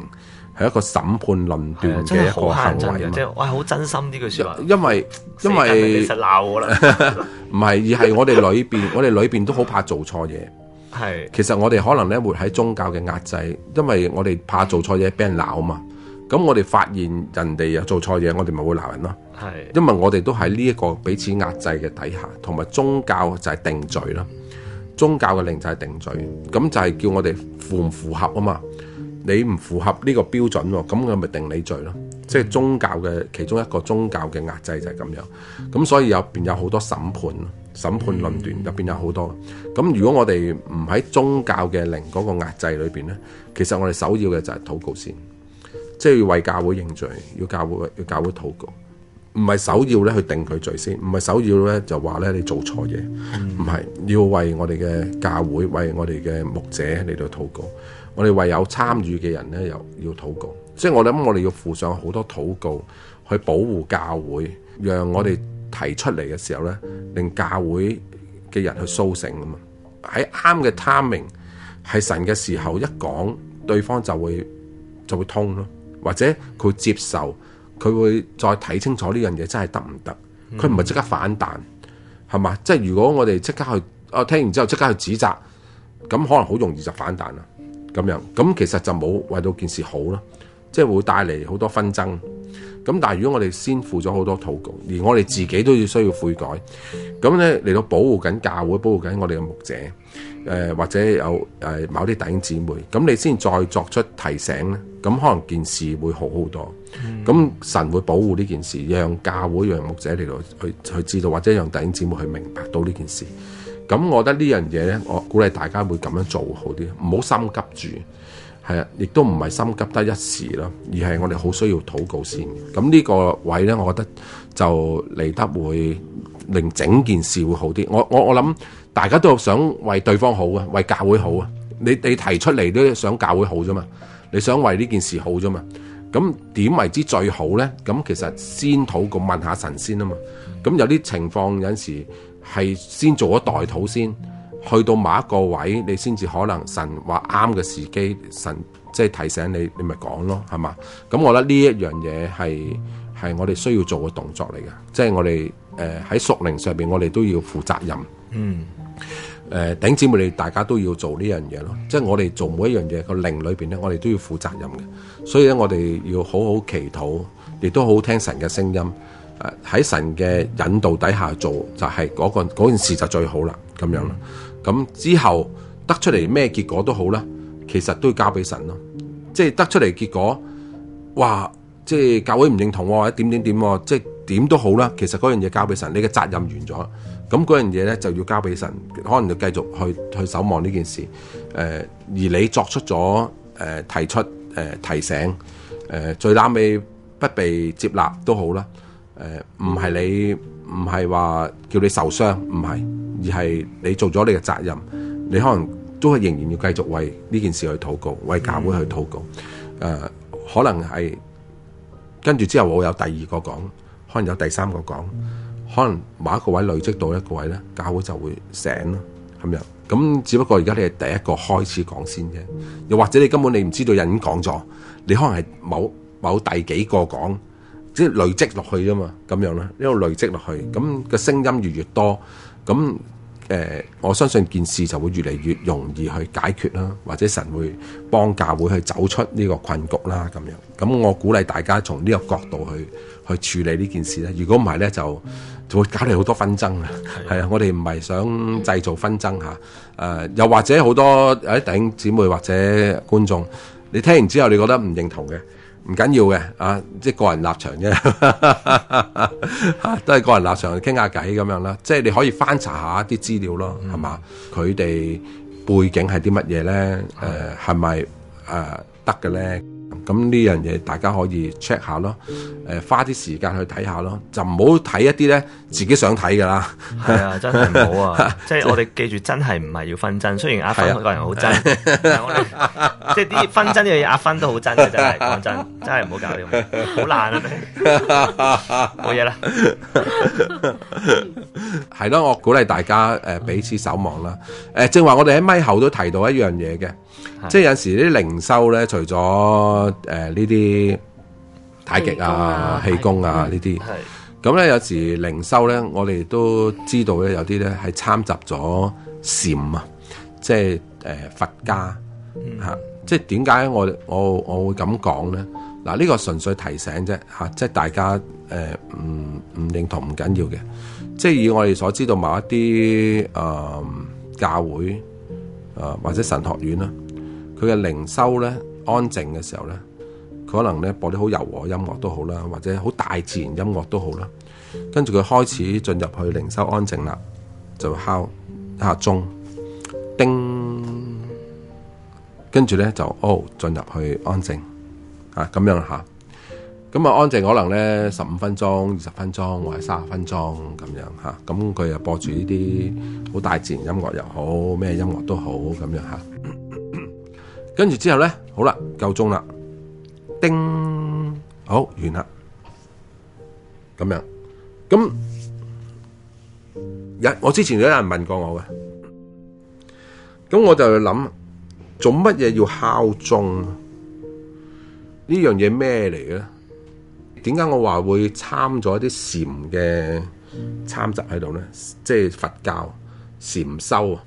係一個審判論斷嘅一個行為，即係我係好真心呢句說話。因為因為其實鬧我啦，唔 [laughs] 係而係我哋裏邊， [laughs] 我哋裏邊都好怕做錯嘢。係，其實我哋可能咧會喺宗教嘅壓制，因為我哋怕做錯嘢俾人鬧啊嘛。咁我哋發現人哋又做錯嘢，我哋咪會鬧人咯。係，因為我哋都喺呢一個彼此壓制嘅底下，同埋宗教就係定罪咯。宗教嘅令就係定罪，咁就係叫我哋符唔符合啊嘛。嗯你唔符合呢個標準，咁佢咪定你罪咯。即係宗教嘅其中一個宗教嘅壓制就係咁樣。咁所以入邊有好多審判，審判論斷入邊有好多。咁如果我哋唔喺宗教嘅靈嗰個壓制裏邊呢，其實我哋首要嘅就係禱告先，即係要為教會認罪，要教會要教會禱告，唔係首要呢去定佢罪先，唔係首要呢就話呢你做錯嘢，唔係要為我哋嘅教會，為我哋嘅牧者嚟到禱告。我哋唯有參與嘅人咧，又要禱告，即係我諗，我哋要付上好多禱告去保護教會，讓我哋提出嚟嘅時候咧，令教會嘅人去甦醒咁嘛。喺啱嘅 timing 係神嘅時候一講，對方就會就會通咯，或者佢接受佢會再睇清楚呢樣嘢真係得唔得？佢唔係即刻反彈係嘛？即係如果我哋即刻去啊，聽完之後即刻去指責咁，可能好容易就反彈啦。咁樣，咁其實就冇為到件事好咯，即係會帶嚟好多紛爭。咁但係如果我哋先付咗好多禱告，而我哋自己都要需要悔改，咁咧嚟到保護緊教會，保護緊我哋嘅牧者，誒、呃、或者有誒、呃、某啲弟兄姊妹，咁你先再作出提醒咧，咁可能件事會好好多。咁、嗯、神會保護呢件事，讓教會、讓牧者嚟到去去知道，或者讓弟兄姊妹去明白到呢件事。咁我覺得呢樣嘢呢，我鼓勵大家會咁樣做好啲，唔好心急住，係啊，亦都唔係心急得一時咯，而係我哋好需要禱告先。咁呢個位呢，我覺得就嚟得會令整件事會好啲。我我我諗，大家都想為對方好啊，為教會好啊。你哋提出嚟都想教會好啫嘛，你想為呢件事好啫嘛。咁點為之最好呢？咁其實先禱告問下神先啊嘛。咁有啲情況有時。係先做咗代土先，去到某一個位，你先至可能神話啱嘅時機，神即係提醒你，你咪講咯，係嘛？咁我覺得呢一樣嘢係係我哋需要做嘅動作嚟嘅，即係我哋誒喺屬靈上邊我哋都要負責任。嗯，誒、呃、頂姊妹你大家都要做呢樣嘢咯，嗯、即係我哋做每一樣嘢個靈裏邊咧，我哋都要負責任嘅。所以咧，我哋要好好祈禱，亦都好好聽神嘅聲音。喺神嘅引導底下做，就係嗰個嗰件事就最好啦。咁樣啦，咁之後得出嚟咩結果都好啦，其實都要交俾神咯。即係得出嚟結果，嘩即係教會唔認同，或者點點點，即係點都好啦。其實嗰樣嘢交俾神，你嘅責任完咗，咁嗰樣嘢咧就要交俾神，可能就繼續去去守望呢件事。誒而你作出咗誒提出誒提醒誒，最攬尾不被接納都好啦。誒、呃，唔係你，唔係話叫你受傷，唔係，而係你做咗你嘅責任，你可能都係仍然要繼續為呢件事去禱告，為教會去禱告。誒、嗯呃，可能係跟住之後我有第二個講，可能有第三個講，可能某一個位累積到一個位咧，教會就會醒咯，係咪？咁只不過而家你係第一個開始講先啫，又或者你根本你唔知道人已經講咗，你可能係某某第幾個講。即係累積落去吖嘛，咁樣啦。因為累積落去，咁個聲音越來越多，咁誒、呃，我相信件事就會越嚟越容易去解決啦，或者神會幫教會去走出呢個困局啦，咁樣。咁我鼓勵大家從呢個角度去去處理呢件事咧。如果唔係咧，就會搞嚟好多紛爭嘅。係啊，我哋唔係想製造紛爭嚇。誒、呃，又或者好多有啲弟兄姊妹或者觀眾，你聽完之後你覺得唔認同嘅。唔緊要嘅，啊，即係個人立場啫、啊，都係個人立場傾下偈咁樣啦。即係你可以翻查一下啲資料咯，係、嗯、嘛？佢哋背景係啲乜嘢咧？誒、嗯呃，係咪誒得嘅咧？呃咁呢樣嘢大家可以 check 下咯，花啲時間去睇下咯，就唔好睇一啲咧自己想睇㗎啦。係啊，真係唔好啊！ [laughs] 即係我哋記住，真係唔係要紛爭。雖然阿芬個人好真，啊、但我 [laughs] 即係啲紛爭嘅嘢，阿芬都好真嘅真係。講真，真係唔好搞呢個，好爛啊！冇嘢啦，係 [laughs] 咯、啊，我鼓勵大家誒彼此守望啦、呃。正話，我哋喺咪後都提到一樣嘢嘅。即係有時啲靈修咧，除咗誒呢啲太極啊、氣功啊，氣功啊這些、嗯、這呢啲，咁咧有時靈修咧，我哋都知道咧，有啲咧係參雜咗禪啊，即係誒佛家吓，即係點解我我我會咁講咧？嗱、啊、呢、這個純粹提醒啫吓、啊，即係大家誒唔唔認同唔緊要嘅，即係以我哋所知道某一啲誒、呃、教會啊、呃、或者神學院啦。嗯佢嘅靈修咧，安靜嘅時候咧，佢可能咧播啲好柔和音樂都好啦，或者好大自然音樂都好啦。跟住佢開始進入去靈修安靜啦，就敲一下鐘，叮，跟住咧就哦進入去安靜，嚇、啊、咁樣嚇。咁啊，啊安靜可能咧十五分鐘、二十分鐘或者三十分鐘咁樣嚇。咁佢又播住呢啲好大自然音樂又好，咩音樂都好咁樣嚇。啊跟住之後咧，好啦，夠鐘啦，叮，好完啦，咁樣，咁我之前都有人問過我嘅。咁我就諗做乜嘢要敲鐘呢？樣嘢咩嚟嘅？點解我話會參咗一啲禪嘅參集喺度咧？即係佛教禪修啊，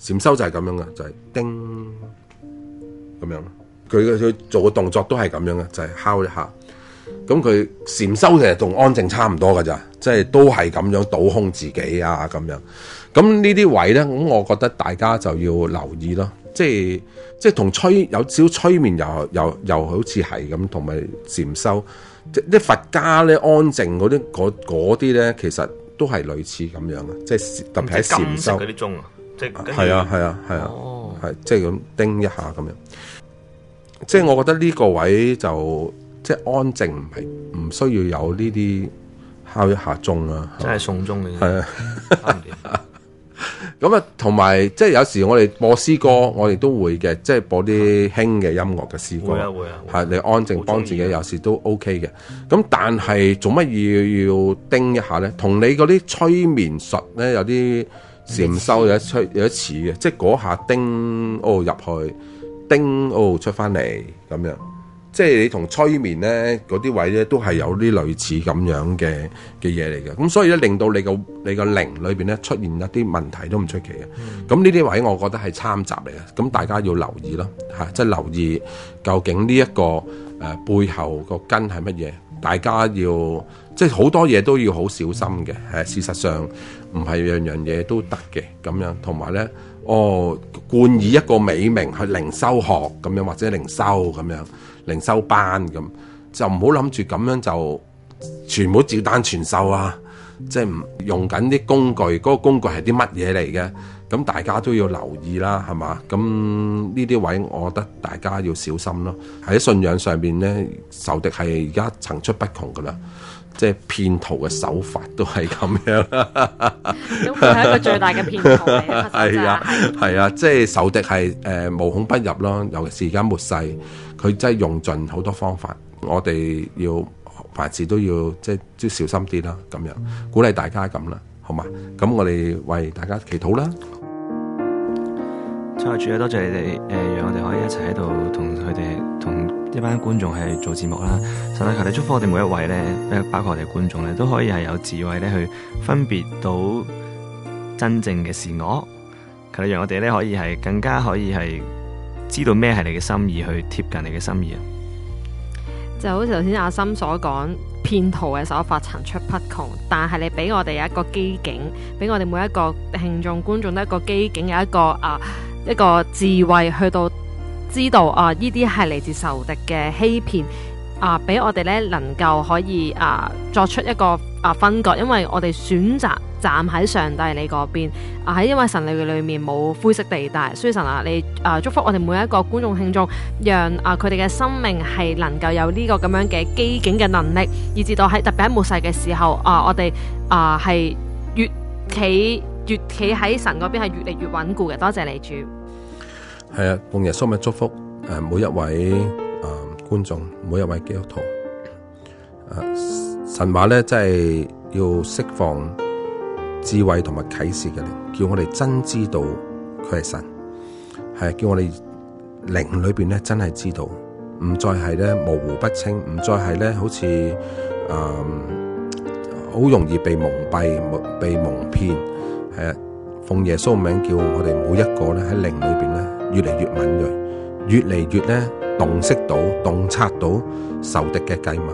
禪修就係咁樣嘅，就係叮。咁樣，佢佢做個動作都係咁樣嘅，就係、是、敲一下。咁佢禪修其實同安靜差唔多噶咋，即係都係咁樣倒空自己啊咁樣。咁呢啲位咧，咁我覺得大家就要留意咯。即係即係同催有少催眠又又又好似係咁，同埋禪修即啲佛家咧安靜嗰啲嗰啲咧，其實都係類似咁樣嘅，即係特別係禪修嗰啲宗啊。即係係啊係啊係啊。係即係咁叮一下咁樣，即、就、係、是，我覺得呢個位就即係、就是、安靜，唔係唔需要有呢啲敲一下鐘啊，真係送鐘嘅。係啊，咁、嗯、啊，同埋即係有時我哋播詩歌，嗯、我哋都會嘅，即、就、係、是、播啲輕嘅音樂嘅詩歌，會啊係、啊啊、你安靜幫自己有時都 OK 嘅。咁、啊、但係做乜要要叮一下咧？同你嗰啲催眠術咧有啲。禪修有一出有一次嘅，即係嗰下叮哦入去，叮哦出翻嚟咁樣，即係你同催眠咧嗰啲位咧都係有啲類似咁樣嘅嘅嘢嚟嘅，咁所以咧令到你個你個靈裏面咧出現一啲問題都唔出奇嘅，咁呢啲位我覺得係參雜嚟嘅，咁大家要留意咯，吓，即係留意究竟呢、這、一個、呃、背後個根係乜嘢，大家要即係好多嘢都要好小心嘅、嗯，係事實上。唔係樣樣嘢都得嘅咁樣，同埋呢，哦冠以一個美名去靈修學咁樣，或者靈修咁樣靈修班咁，就唔好諗住咁樣就全部照單全收啊！嗯、即係唔用緊啲工具，嗰、那個工具係啲乜嘢嚟嘅？咁大家都要留意啦，係嘛？咁呢啲位，我覺得大家要小心咯。喺信仰上面呢，仇敵係而家層出不窮噶啦。即係騙徒嘅手法都係咁樣，咁佢係一個最大嘅騙徒嚟 [laughs] 啊！係啊，係啊，即係仇敵係誒無孔不入咯，尤其是而家末世，佢真係用盡好多方法，我哋要凡事都要即係都小心啲啦，咁樣鼓勵大家咁啦，好嘛？咁我哋為大家祈禱啦，差主多謝你哋誒、呃，讓我哋可以一齊喺度同佢哋同。一班觀眾係做節目啦，神啊，求你祝福我哋每一位咧，包括我哋觀眾咧，都可以係有智慧咧去分別到真正嘅是我，求你讓我哋咧可以係更加可以係知道咩係你嘅心意，去貼近你嘅心意啊！就好似頭先阿森所講，騙徒嘅手法層出不窮，但係你俾我哋有一個機警，俾我哋每一個聽眾觀眾都一個機警，有一個啊一個智慧去到。知道啊，呢啲係嚟自仇敵嘅欺騙啊，俾我哋咧能夠可以啊作出一個啊分割，因為我哋選擇站喺上帝你嗰邊啊，喺因為神裏面冇灰色地帶，所以神啊，你啊祝福我哋每一個觀眾聽眾，讓啊佢哋嘅生命係能夠有呢個咁樣嘅機警嘅能力，以至到喺特別喺末世嘅時候啊，我哋啊係越企越企喺神嗰邊係越嚟越穩固嘅。多謝你主。係啊，共耶穌咪祝福，誒，每一位誒、呃、觀眾，每一位基督徒，誒、呃，神話咧，真係要釋放智慧同埋啟示嘅靈，叫我哋真知道佢係神，係、啊、叫我哋靈裏邊咧真係知道，唔再係咧模糊不清，唔再係咧好似誒好容易被蒙蔽、被蒙騙，係啊。奉耶穌名叫我哋每一個咧喺靈裏邊咧越嚟越敏銳，越嚟越咧洞悉到、洞察到仇敵嘅計謀，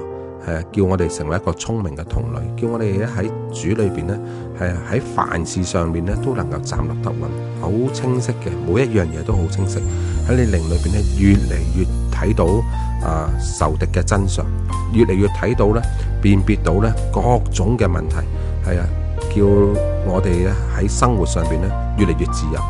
係啊！叫我哋成為一個聰明嘅同類，叫我哋咧喺主裏邊咧係喺凡事上面咧都能夠站立得穩，好清晰嘅，每一樣嘢都好清晰。喺你靈裏邊咧越嚟越睇到啊、呃、仇敵嘅真相，越嚟越睇到咧辨別到咧各種嘅問題，係啊！叫我哋咧喺生活上邊咧，越嚟越自由，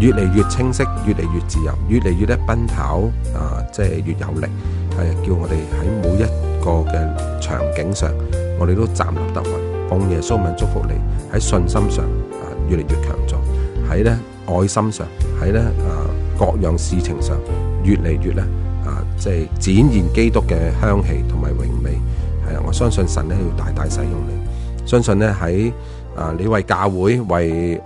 越嚟越清晰，越嚟越自由，越嚟越咧奔跑啊、呃！即係越有力，係啊，叫我哋喺每一個嘅場景上，我哋都站立得穩。奉耶穌名祝福你喺信心上啊，越嚟越強壯；喺咧愛心上，喺咧啊各樣事情上越越，越嚟越咧啊，即係展現基督嘅香氣同埋榮美。係啊，我相信神咧要大大使用你。相信咧喺啊，你為教會為誒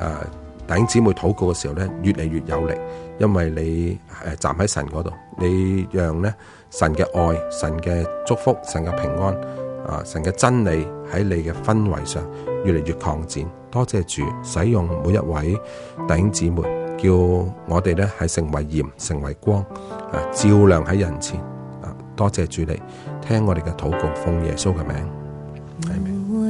弟兄姊妹禱告嘅時候咧，越嚟越有力，因為你係站喺神嗰度，你讓咧神嘅愛、神嘅祝福、神嘅平安啊、神嘅真理喺你嘅氛圍上越嚟越擴展。多謝主使用每一位弟兄姊妹，叫我哋咧係成為鹽，成為光啊，照亮喺人前啊。多謝主你，聽我哋嘅禱告，奉耶穌嘅名，嗯